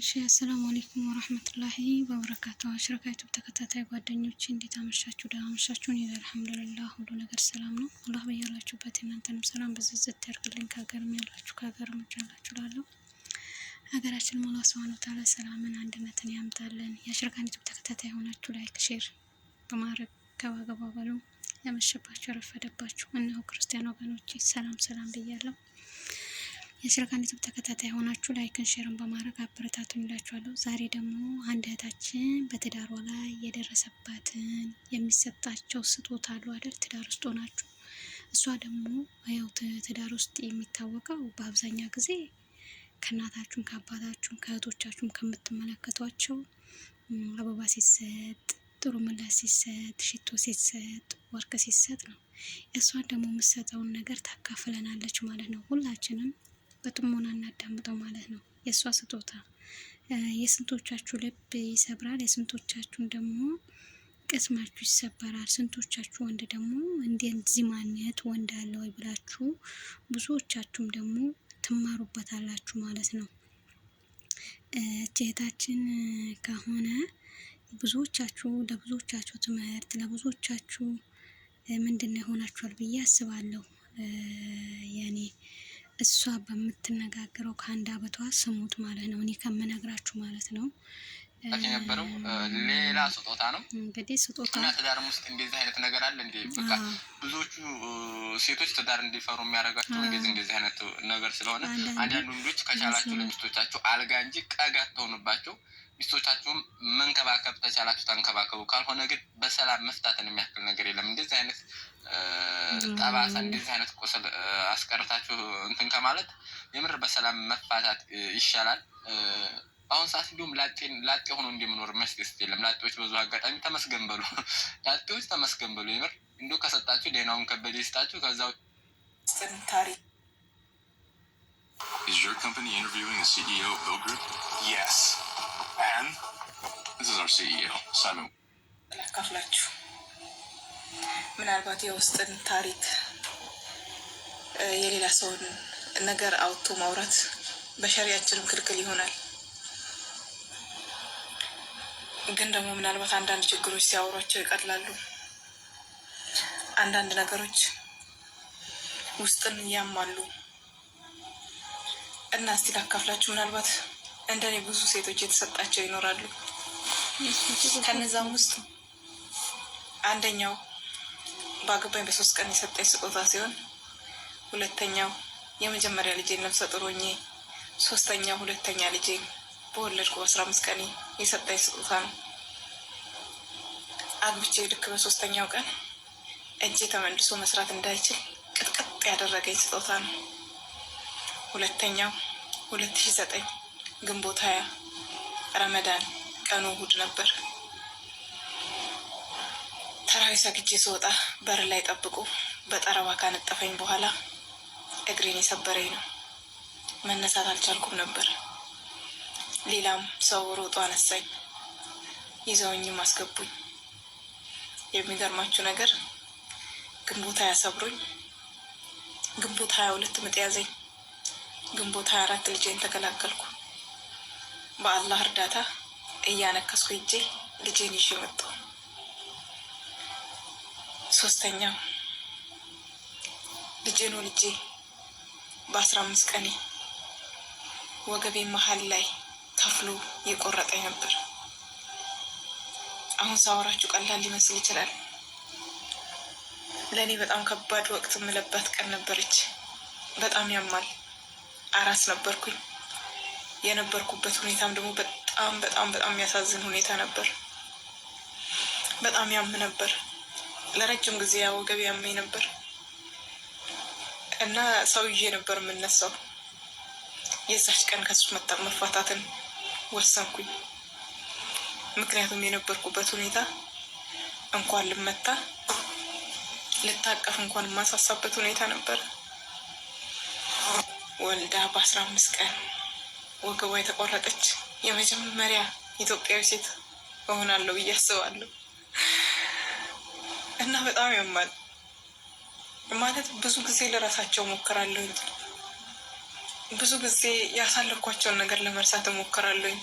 እሺ አሰላሙ አለይኩም ወራህመቱላሂ ወበረካቱ። አሽረካ ዩቱብ ተከታታይ ጓደኞች እንዴት አመሻችሁ? ደህና አመሻችሁ? እኔ አልሐምዱሊላህ ሁሉ ነገር ሰላም ነው። አላህ በያላችሁበት እናንተንም ሰላም ብዝዝት ያርግልኝ። ከሀገርም ያላችሁ ከሀገርም ውጭ ያላችሁ ላለሁ ሀገራችን ሞላ ስብሃነ ወተዓላ ሰላምን አንድነትን ያምጣልን። የአሽረካን ዩቱብ ተከታታይ የሆናችሁ ላይክ፣ ሼር በማድረግ ገባ በሉ። ያመሸባችሁ ያረፈደባችሁ እነሆ ክርስቲያን ወገኖቼ ሰላም ሰላም ብያለሁ። የስልካን ዩቱብ ተከታታይ ሆናችሁ ላይክን ሼርን በማድረግ አበረታቱን ይላችኋለሁ። ዛሬ ደግሞ አንድ እህታችን በትዳሯ ላይ የደረሰባትን የሚሰጣቸው ስጦታ አሉ አይደል? ትዳር ውስጥ ሆናችሁ እሷ ደግሞ ያው ትዳር ውስጥ የሚታወቀው በአብዛኛው ጊዜ ከእናታችሁም ከአባታችሁም ከእህቶቻችሁም ከምትመለከቷቸው አበባ ሲሰጥ ጥሩ ምላሽ ሲሰጥ ሽቶ ሲሰጥ ወርቅ ሲሰጥ ነው። እሷን ደግሞ የምትሰጠውን ነገር ታካፍለናለች ማለት ነው ሁላችንም በጥሞና እናዳምጠው ማለት ነው። የእሷ ስጦታ የስንቶቻችሁ ልብ ይሰብራል፣ የስንቶቻችሁን ደግሞ ቅስማችሁ ይሰበራል። ስንቶቻችሁ ወንድ ደግሞ እንደዚህ ማንነት ወንድ አለ ወይ ብላችሁ ብዙዎቻችሁም ደግሞ ትማሩበታላችሁ ማለት ነው። እህታችን ከሆነ ብዙዎቻችሁ ለብዙዎቻችሁ ትምህርት ለብዙዎቻችሁ ምንድን ነው የሆናችኋል ብዬ አስባለሁ የኔ እሷ በምትነጋገረው ከአንድ አበቷ ስሙት ማለት ነው። እኔ ከምነግራችሁ ማለት ነው የነበረው ሌላ ስጦታ ነው። እንግዲህ ስጦታ እና ትዳርም ውስጥ እንደዚህ አይነት ነገር አለ እንዴ? በቃ ብዙዎቹ ሴቶች ትዳር እንዲፈሩ የሚያደርጋቸው እንደዚህ እንደዚህ አይነት ነገር ስለሆነ አንዳንድ ወንዶች ከቻላቸው ለሚስቶቻቸው አልጋ እንጂ ቀጋ ትሆኑባቸው ሚስቶቻችሁም መንከባከብ ተቻላችሁ ተንከባከቡ። ካልሆነ ግን በሰላም መፍታትን የሚያክል ነገር የለም። እንደዚህ አይነት ጠባሳ፣ እንደዚህ አይነት ቁስል አስቀርታችሁ እንትን ከማለት የምር በሰላም መፋታት ይሻላል። በአሁን ሰዓት እንዲሁም ላጤ ሆኖ እንደምኖር መስደስት የለም። ላጤዎች በዙ አጋጣሚ ተመስገን በሉ፣ ላጤዎች ተመስገን በሉ። የምር እንዲሁ ከሰጣችሁ ዴናውን ከበደ ይስጣችሁ። ከዛ e e ላካፍላችሁ ምናልባት የውስጥን ታሪክ የሌላ ሰውን ነገር አውጥቶ ማውራት በሸሪያችንም ክልክል ይሆናል። ግን ደግሞ ምናልባት አንዳንድ ችግሮች ሲያወሯቸው ይቀላሉ። አንዳንድ ነገሮች ውስጥን ያማሉ እና እስቲ ላካፍላችሁ። ምናልባት እንደኔ ብዙ ሴቶች የተሰጣቸው ይኖራሉ። ከነዛም ውስጥ አንደኛው በአገባኝ በሶስት ቀን የሰጠኝ ስጦታ ሲሆን ሁለተኛው የመጀመሪያ ልጄን ነፍሰ ጡር ሆኜ ሶስተኛው ሁለተኛ ልጄን በወለድኩ በአስራ አምስት ቀን የሰጠኝ ስጦታ ነው። አግብቼ ልክ በሶስተኛው ቀን እጄ ተመልሶ መስራት እንዳይችል ቅጥቅጥ ያደረገኝ ስጦታ ነው። ሁለተኛው ሁለት ሺ ዘጠኝ ግንቦት ሀያ ረመዳን ቀኑ እሁድ ነበር። ተራዊ ሰግጄ ስወጣ በር ላይ ጠብቆ በጠረባ ካነጠፈኝ በኋላ እግሬን የሰበረኝ ነው። መነሳት አልቻልኩም ነበር። ሌላም ሰው ሮጦ አነሳኝ፣ ይዘውኝም አስገቡኝ። የሚገርማችሁ ነገር ግንቦት ሀያ ሰብሮኝ፣ ግንቦት ሀያ ሁለት ምጥ ያዘኝ፣ ግንቦት ሀያ አራት ልጄን ተገላገልኩ። በአላህ እርዳታ እያነከስኩ ሂጄ ልጄን ይዤ መጡ። ሶስተኛው ልጄን ወልጄ በአስራ አምስት ቀኔ ወገቤ መሀል ላይ ተፍሎ የቆረጠኝ ነበር። አሁን ሳወራችሁ ቀላል ሊመስል ይችላል። ለእኔ በጣም ከባድ ወቅት የምለባት ቀን ነበረች። በጣም ያማል። አራስ ነበርኩኝ። የነበርኩበት ሁኔታም ደግሞ በጣም በጣም በጣም የሚያሳዝን ሁኔታ ነበር። በጣም ያም ነበር። ለረጅም ጊዜ ወገብ ያመኝ ነበር እና ሰውዬ ነበር የምነሳው የዛች ቀን ከሱ መፋታትን ወሰንኩኝ። ምክንያቱም የነበርኩበት ሁኔታ እንኳን ልመታ ልታቀፍ እንኳን የማሳሳበት ሁኔታ ነበር። ወልዳ በአስራ አምስት ቀን ወገቧ የተቆረጠች የመጀመሪያ ኢትዮጵያዊ ሴት እሆናለሁ ብዬ አስባለሁ። እና በጣም ያማል ማለት ብዙ ጊዜ ለራሳቸው ሞክራለሁ። ብዙ ጊዜ ያሳለኳቸውን ነገር ለመርሳት እሞክራለኝ።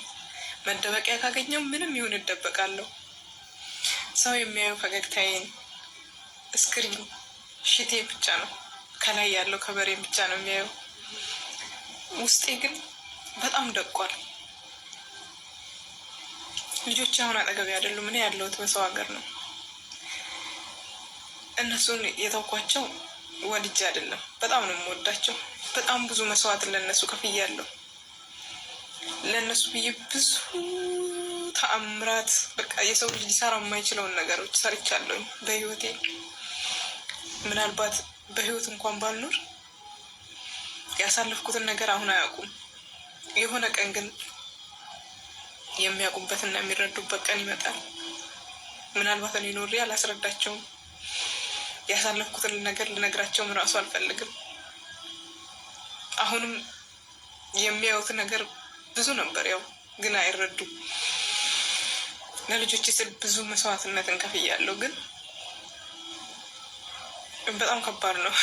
መደበቂያ ካገኘው ምንም ይሁን እደበቃለሁ። ሰው የሚያየው ፈገግታዬን እስክሪን ሽቴ ብቻ ነው፣ ከላይ ያለው ከበሬ ብቻ ነው የሚያየው። ውስጤ ግን በጣም ደቋል። ልጆች አሁን አጠገቤ አይደሉም። እኔ ያለሁት በሰው ሀገር ነው። እነሱን የተውኳቸው ወድጄ አይደለም። በጣም ነው የምወዳቸው። በጣም ብዙ መስዋዕት ለነሱ ከፍያለሁ። ለነሱ ብዬ ብዙ ተአምራት በቃ የሰው ልጅ ሊሰራ የማይችለውን ነገሮች ሰርቻለሁኝ በህይወቴ። ምናልባት በህይወት እንኳን ባልኖር ያሳለፍኩትን ነገር አሁን አያውቁም። የሆነ ቀን ግን የሚያውቁበትና የሚረዱበት ቀን ይመጣል። ምናልባት እኔ ኖሬ አላስረዳቸውም። ያሳለፍኩትን ነገር ልነግራቸውም እራሱ አልፈልግም። አሁንም የሚያዩት ነገር ብዙ ነበር፣ ያው ግን አይረዱም። ለልጆች ስል ብዙ መስዋዕትነት እንከፍያለሁ፣ ግን በጣም ከባድ ነው።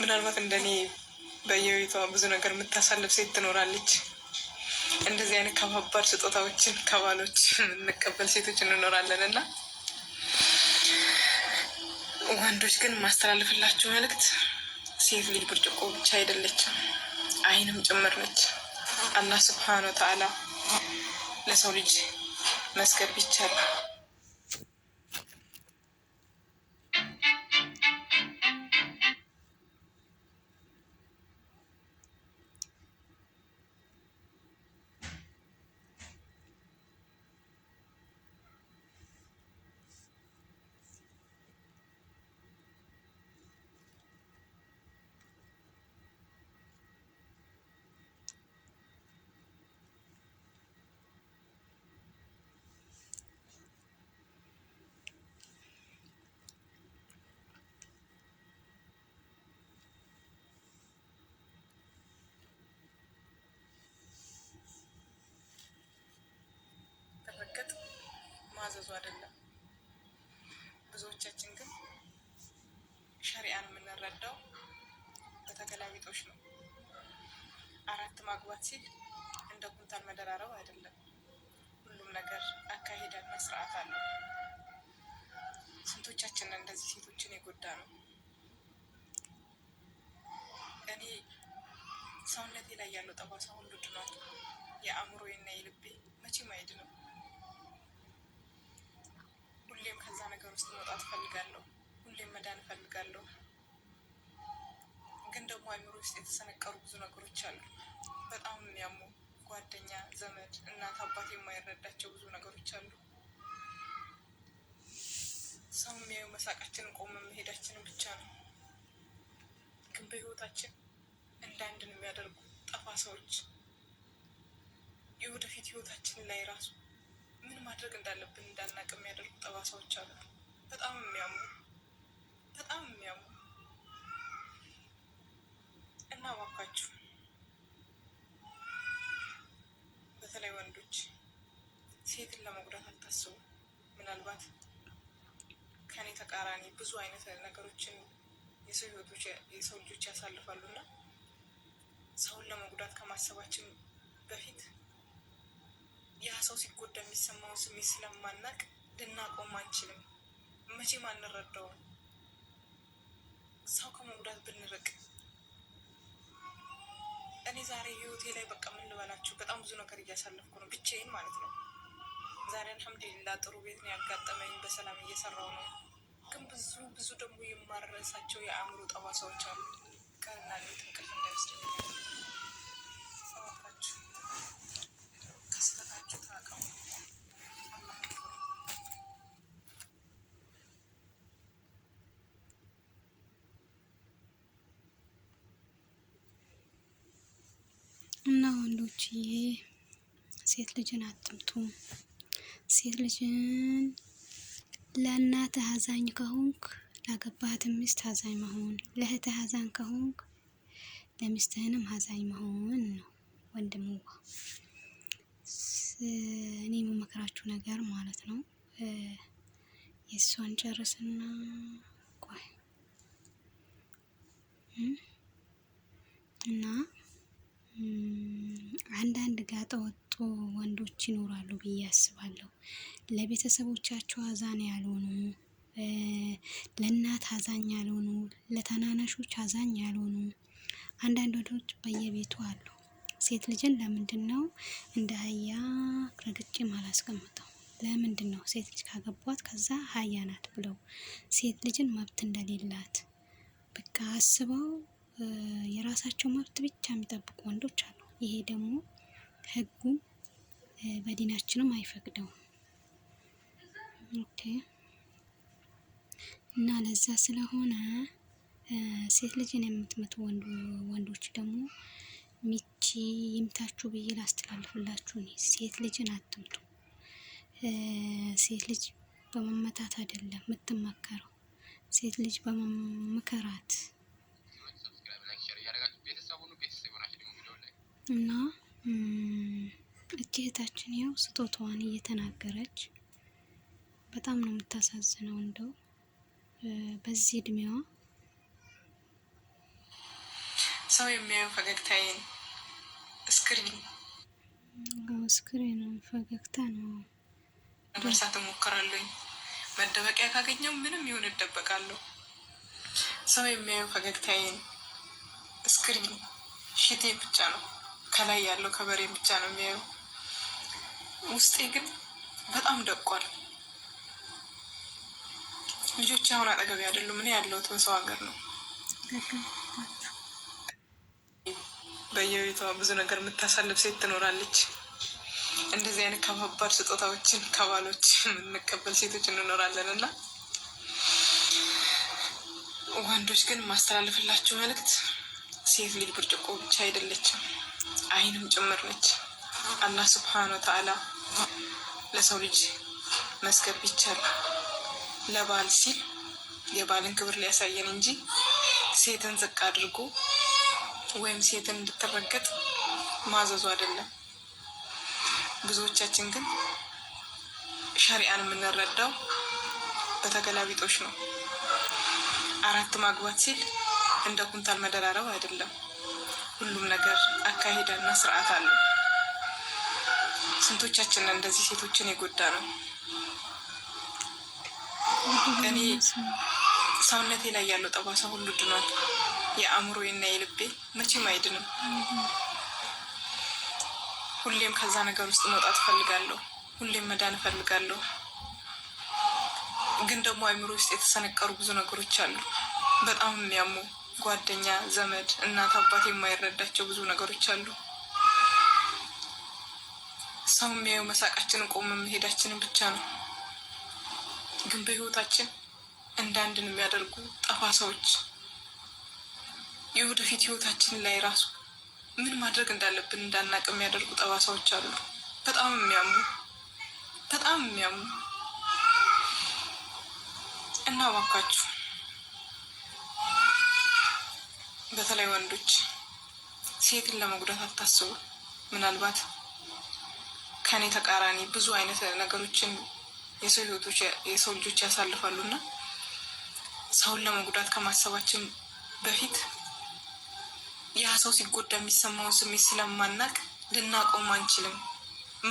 ምናልባት እንደኔ በየቤቷ ብዙ ነገር የምታሳልፍ ሴት ትኖራለች። እንደዚህ አይነት ከባባድ ስጦታዎችን ከባሎች የምንቀበል ሴቶች እንኖራለን እና ወንዶች ግን ማስተላለፍላችሁ መልእክት ሴት ልጅ ብርጭቆ ብቻ አይደለችም፣ አይንም ጭምር ነች። አላህ ስብሓን ወተዓላ ለሰው ልጅ መስገድ ይቻላል። ብዙ አይደለም። ብዙዎቻችን ግን ሸሪአን የምንረዳው በተገላቢጦች ነው። አራት ማግባት ሲል እንደ ኩንታል መደራረብ አይደለም። ሁሉም ነገር አካሄድና ስርዓት አለው። ስንቶቻችንን እንደዚህ ሴቶችን የጎዳ ነው። እኔ ሰውነቴ ላይ ያለው ጠባሳ ሁሉ ድኗል። የአእምሮዬና የልቤ መቼም አይድንም። ሁሌም ከዛ ነገር ውስጥ መውጣት እፈልጋለሁ። ሁሌም መዳን እፈልጋለሁ። ግን ደግሞ አይምሮ ውስጥ የተሰነቀሩ ብዙ ነገሮች አሉ። በጣም ያሙ ጓደኛ፣ ዘመድ፣ እናት፣ አባት የማይረዳቸው ብዙ ነገሮች አሉ። ሰው የሚያዩ መሳቃችንን ቆመ መሄዳችንን ብቻ ነው። ግን በህይወታችን እንዳንድን የሚያደርጉ ጠፋ ሰዎች የወደፊት ህይወታችን ላይ ራሱ ምን ማድረግ እንዳለብን እንዳናቅ የሚያደርጉ ጠባሳዎች አሉ። በጣም የሚያሙ በጣም የሚያሙ እና እባካችሁ በተለይ ወንዶች ሴትን ለመጉዳት አታስቡ። ምናልባት ከኔ ተቃራኒ ብዙ አይነት ነገሮችን የሰው ህይወቶች የሰው ልጆች ያሳልፋሉ እና ሰውን ለመጉዳት ከማሰባችን በፊት ያ ሰው ሲጎዳ የሚሰማውን ስሜት ስለማናቅ ልናቆም አንችልም። መቼም አንረዳውም። ሰው ከመጉዳት ብንርቅ እኔ ዛሬ ህይወቴ ላይ በቃ ምን ልበላችሁ፣ በጣም ብዙ ነገር እያሳለፍኩ ነው፣ ብቻዬን ማለት ነው። ዛሬ አልሐምዱሊላህ ጥሩ ቤት ነው ያጋጠመኝ፣ በሰላም እየሰራው ነው። ግን ብዙ ብዙ ደግሞ የማረሳቸው የአእምሮ ጠባሳዎች አሉ። ቀርና ጥንቅል እንቅልፍ ውዶችዬ ሴት ልጅን አጥምቱ። ሴት ልጅን ለእናት አዛኝ ከሆንክ ላገባህት ሚስት አዛኝ መሆን፣ ለእህት ሀዛኝ ከሆንክ ለሚስትህንም አዛኝ መሆን ነው። ወንድምዋ እኔ የምመክራችሁ ነገር ማለት ነው የእሷን ጨርስና ቆይ አስባለሁ። ለቤተሰቦቻቸው አዛን ያልሆኑ ለእናት አዛኝ ያልሆኑ ለታናናሾች አዛኝ ያልሆኑ አንዳንድ ወንዶች በየቤቱ አሉ። ሴት ልጅን ነው እንደ አህያ ረግጬ ማላስቀምጠው? ለምንድነው ሴት ልጅ ካገቧት ከዛ አህያ ናት ብለው ሴት ልጅን መብት እንደሌላት በቃ አስበው የራሳቸው መብት ብቻ የሚጠብቁ ወንዶች አሉ። ይሄ ደግሞ ህጉን? በዲናችንም አይፈቅደውም። ኦኬ እና ለዛ ስለሆነ ሴት ልጅን የምትመት ወንዶች ደግሞ ሚቺ ይምታችሁ ብዬ ላስተላልፍላችሁ እኔ ሴት ልጅን አትምቱ። ሴት ልጅ በመመታት አይደለም የምትመከረው፣ ሴት ልጅ በመምከራት እና እህታችን ያው ስጦታዋን እየተናገረች በጣም ነው የምታሳዝነው። እንደው በዚህ እድሜዋ ሰው የሚያዩ ፈገግታዬን እስክሪን እስክሪን ፈገግታ ነው መርሳት እሞክራለሁኝ። መደበቂያ ካገኘው ምንም ይሁን እደበቃለሁ። ሰው የሚያየው ፈገግታዬን እስክሪን ሽቴ ብቻ ነው፣ ከላይ ያለው ከበሬ ብቻ ነው የሚያየው። ውስጤ ግን በጣም ደቋል። ልጆች አሁን አጠገብ አይደሉም። እኔ ያለሁት ሰው ሀገር ነው። በየቤቷ ብዙ ነገር የምታሳልፍ ሴት ትኖራለች። እንደዚህ አይነት ከባባድ ስጦታዎችን ከባሎች የምንቀበል ሴቶች እንኖራለን እና ወንዶች ግን የማስተላልፍላችሁ መልእክት ሴት ልጅ ብርጭቆ ብቻ አይደለችም፣ አይንም ጭምር ነች። አላህ ስብሐነ ወተዓላ ለሰው ልጅ መስገብ ይቻላል። ለባል ሲል የባልን ክብር ሊያሳየን እንጂ ሴትን ዝቅ አድርጎ ወይም ሴትን እንድትረገጥ ማዘዙ አይደለም። ብዙዎቻችን ግን ሸሪአን የምንረዳው በተገላቢጦች ነው። አራት ማግባት ሲል እንደ ኩንታል መደራረብ አይደለም። ሁሉም ነገር አካሄዳና ስርዓት አለው። ስንቶቻችን እንደዚህ ሴቶችን የጎዳ ነው። እኔ ሰውነቴ ላይ ያለው ጠባሳ ሁሉ ድኗል። የአእምሮዬና የልቤ መቼም አይድንም። ሁሌም ከዛ ነገር ውስጥ መውጣት እፈልጋለሁ። ሁሌም መዳን እፈልጋለሁ። ግን ደግሞ አእምሮ ውስጥ የተሰነቀሩ ብዙ ነገሮች አሉ። በጣም የሚያሙ ጓደኛ፣ ዘመድ፣ እናት፣ አባት የማይረዳቸው ብዙ ነገሮች አሉ። ሰው የሚያየው መሳቃችንን ቆመ መሄዳችንን ብቻ ነው። ግን በህይወታችን እንዳንድን የሚያደርጉ ጠፋ ሰዎች የወደፊት ህይወታችን ላይ ራሱ ምን ማድረግ እንዳለብን እንዳናቅ የሚያደርጉ ጠባሳዎች አሉ። በጣም የሚያሙ በጣም የሚያሙ እና እባካችሁ በተለይ ወንዶች ሴትን ለመጉዳት አታስቡ። ምናልባት ከኔ ተቃራኒ ብዙ አይነት ነገሮችን የሰው ልጆች ያሳልፋሉ እና ሰውን ለመጉዳት ከማሰባችን በፊት ያ ሰው ሲጎዳ የሚሰማውን ስሜት ስለማናቅ ልናቆም አንችልም።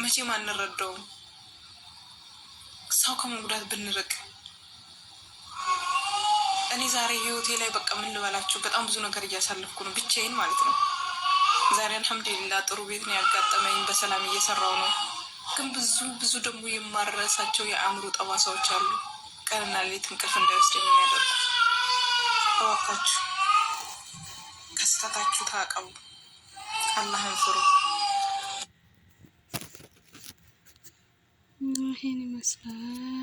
መቼም አንረዳውም። ሰው ከመጉዳት ብንርቅ እኔ ዛሬ ህይወቴ ላይ በቃ ምን ልበላችሁ፣ በጣም ብዙ ነገር እያሳለፍኩ ነው፣ ብቻዬን ማለት ነው። ዛሬ አልሐምዱሊላ ጥሩ ቤት ነው ያጋጠመኝ። በሰላም እየሰራው ነው። ግን ብዙ ብዙ ደግሞ የማረሳቸው የአእምሮ ጠባሳዎች አሉ። ቀንና ሌት እንቅልፍ እንዳይወስደኝ የሚያደርጉ እባካችሁ ከስተታችሁ ታቀቡ። አላህን ፍሩ። ይሄን ይመስላል።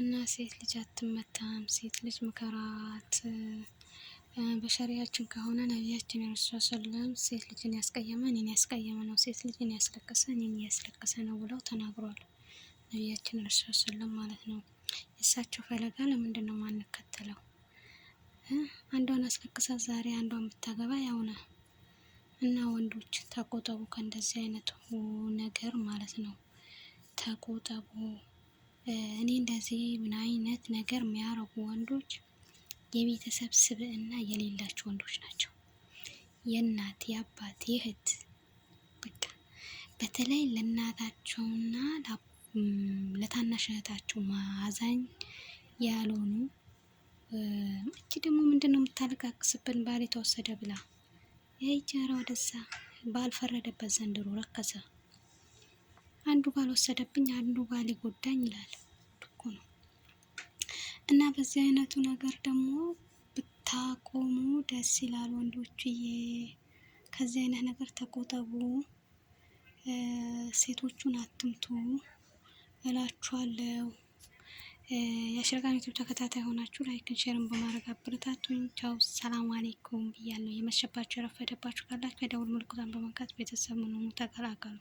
እና ሴት ልጅ አትመታም፣ ሴት ልጅ ምከራት። በሸሪያችን ከሆነ ነቢያችን የረሱ ሰለም ሴት ልጅን ያስቀየመ እኔን ያስቀየመ ነው፣ ሴት ልጅን ያስለቀሰ እኔን ያስለቀሰ ነው ብለው ተናግሯል። ነቢያችን ረሱል ሰለም ማለት ነው። የእሳቸው ፈለጋ ለምንድን ነው ማንከተለው? አንዷን አስለቅሳ ዛሬ አንዷን ብታገባ ያውነ እና ወንዶች ተቆጠቡ ከእንደዚህ አይነቱ ነገር ማለት ነው። ተቆጠቡ። እኔ እንደዚህ ምን አይነት ነገር የሚያረጉ ወንዶች የቤተሰብ ስብዕና የሌላቸው ወንዶች ናቸው። የእናት የአባት የእህት በቃ በተለይ ለእናታቸውና ለታናሽ እህታቸው ማዛኝ ያልሆኑ እቺ ደግሞ ምንድን ነው የምታለቃቅስብን? ባል የተወሰደ ብላ ይህች ጀራ ወደዛ ባል ፈረደበት ዘንድሮ ረከሰ አንዱ ባል ወሰደብኝ፣ አንዱ ባል ይጎዳኝ ይላል እኮ ነው። እና በዚህ አይነቱ ነገር ደግሞ ብታቆሙ ደስ ይላል ወንዶችዬ፣ ከዚህ አይነት ነገር ተቆጠቡ፣ ሴቶቹን አትምቱ እላችኋለሁ። የአሸርጋን ዩቱብ ተከታታይ የሆናችሁ ላይክን ሼርን በማድረግ አበረታቱኝ። ቻው ሰላም አሌይኩም ብያለሁ። የመሸባችሁ የረፈደባችሁ ካላችሁ የደውል ምልክቷን በመንካት ቤተሰብ ምንሆኑ ተቀላቀሉ።